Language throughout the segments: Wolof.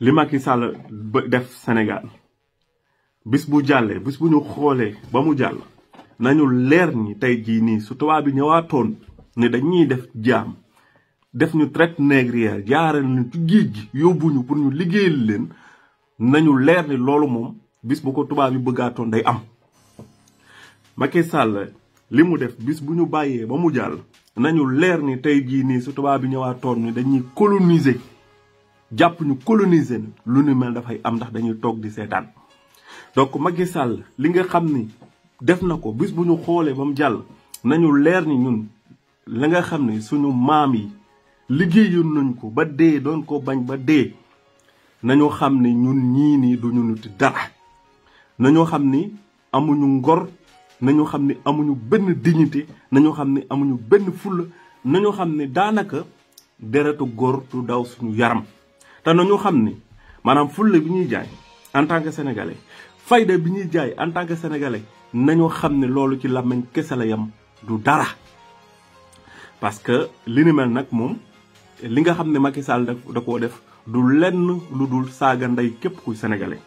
li Macky Sall def Sénégal bis bu jàllee bis bu ñu xoolee ba mu jàll nañu leer ni tey jii nii su tubaab bi ñëwaatoon ne dañuy def jaam def ñu traite négrière jaaral ñu ci géej gi yóbbu ñu pour ñu liggéeyal leen nañu leer ni loolu moom bis bu ko tubaab yi bëggaatoon day am Macky Sall li mu def bis bu ñu bàyyee ba mu jàll nañu leer ni tey jii nii su tubaab bi ñëwaatoon ni dañuy coloniser jàpp ñu coloniser lu nu mel dafay am ndax dañuy toog di seetaan donc Macky Sall li nga xam ni def na ko bis bu ñu xoolee ba mu jàll nañu leer ni ñun la nga xam ni suñu maam yi liggéeyoon nañ ko ba dee doon ko bañ ba dee nañu xam ni ñun ñii nii duñu nuti dara nañu xam ni amuñu ngor nañu xam ni amuñu benn dignité nañu xam ni amuñu benn fulla nañu xam ni daanaka deretu góor du daw suñu yaram te nañu xam ni maanaam fulla bi ñuy jaay en tant que sénégalais fayda bi ñuy jaay en tant que sénégalais nañu xam ne loolu ci làmmiñ kese la yam du dara parce que li nag moom li nga xam ne Macky Sall da koo def du lenn lu dul saaga ndey képp kuy sénégalais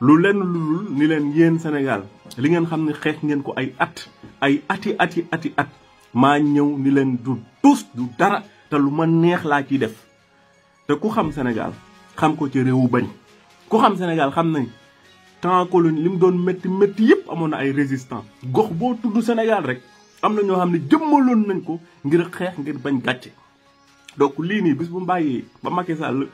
lu lenn lu dul ni leen yéen Sénégal li ngeen xam ne xeex ngeen ko ay at ay ati ati ati at ma ñëw ni leen du tus du dara te lu ma neex laa ciy def te ku xam Sénégal xam ko ci réewu bañ ku xam Sénégal xam nañ temps colonie li mu doon métti métti yëpp amoon na ay résistants gox boo tudd Sénégal rek am na ñoo xam ne jëmmaloon nañ ko ngir xeex ngir bañ gàcce donc lii nii bis bu mu bàyyee ba Macky Sall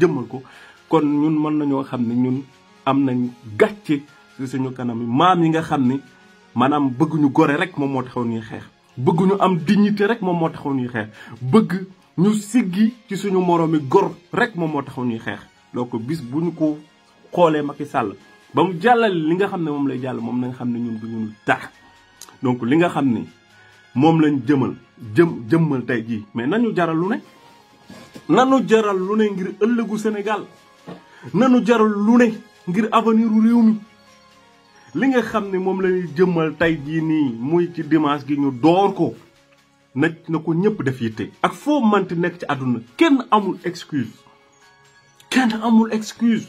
jëmmal ko kon ñun mën nañoo xam ne ñun am nañ gàcce si suñu kanam maam yi nga xam ni maanaam bëgguñu gore rek moom moo taxoon ñuy xeex bëgguñu am dignité rek moom moo taxoon ñuy xeex bëgg ñu siggi ci suñu moroomi gor rek moom moo taxaw ñuy xeex ko bis bu ñu ko xoolee i sàll ba mu jàllale li nga xam ne moom lay jàll moom la xam ne ñun du ñu dara donc li nga xam ne moom lañ jëmal jëm jëmmal tey jii mais nañu jaral lu ne nanu jaral lu ne ngir ëllëgu Sénégal nanu jaral lu ne ngir avenir réew mi li nga xam ne moom lañuy jëmmal tey jii nii muy ci dimanche gi ñu door ko na na ko ñëpp def yitte ak foo manti nekk ci àdduna kenn amul excuse kenn amul excuse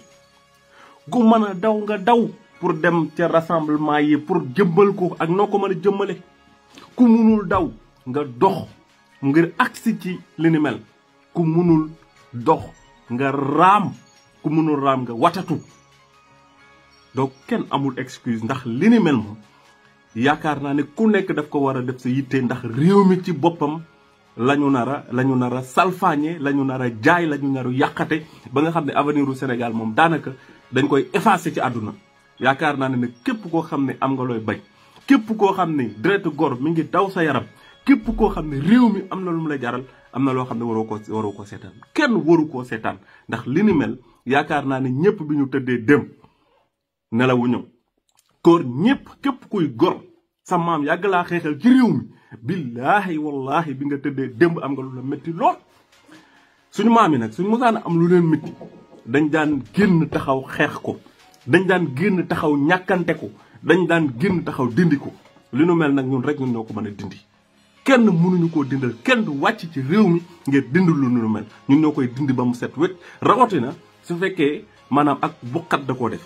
ku mën a daw nga daw pour dem ca rassemblement yi pour jëmbal ko ak noo ko mën a jëmmale ku mënul daw nga dox ngir agsi ci li ni mel ku munul dox nga raam ku mënul raam nga watatu donc kenn amul excuse ndax li moom yaakaar naa ne ku nekk daf ko war a def sa yitte ndax réew mi ci boppam la ñu nar a la ñu nar a salfaañe la ñu nar a jaay la ñu nar yàqate ba nga xam ne aveniru u Sénégal moom daanaka dañ koy effacé ci àdduna yaakaar naa ne ne képp koo xam ne am nga looy bañ képp koo xam ne deretu góor mi ngi daw sa yaram képp koo xam ne réew mi am na lu mu la jaral am na loo xam ne waroo ko waroo ko seetaan kenn waru koo seetaan ndax li ni mel yaakaar naa ne ñëpp bi ñu tëddee dem nelawuñu góor ñépp képp kuy gor sa maam yàgg laa xeexal ci réew mi billaahi wallaahi bi nga tëddee démb am nga lu la métti lool suñu maam yi nag suñu mosaan am lu leen métti dañ daan génn taxaw xeex ko dañ daan génn taxaw ñàkkante ko dañ daan génn taxaw dindi ko li nu mel nag ñun rek ñun ñoo ko mën a dindi kenn mënuñu koo dindal kenn du wàcc ci réew mi ngir dind lu nu mel ñun ñoo koy dindi ba mu set wet rawatina su fekkee maanaam ak bokkat da koo def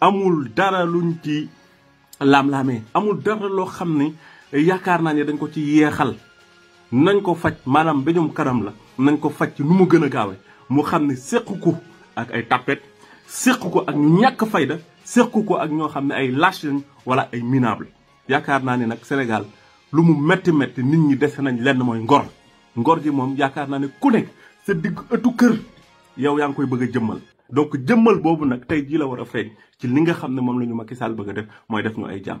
amul dara luñ ci laam-laamee amul dara loo xam ne yaakaar naa ne dañ ko ci yeexal nañ ko faj maanaam mbéjum kanam la nañ ko faj ci lu mu gën a gaawe mu xam ne séq ko ak ay tappet séq ko ak ñu ñàkk fayda séq ko ak ñoo xam ne ay lâche lañ wala ay minable yaakaar naa ne nag Sénégal lu mu métti métti nit ñi dese nañ lenn mooy ngor ngor ji moom yaakaar naa ne ku nekk sa digg ëttu kër yow yaa ngi koy bëgg a jëmmal donc jëmmal boobu nag tey jii la war a feeñ ci li nga xam ne moom la ñu Macky Sall bëgg a def mooy def ñu ay jàmm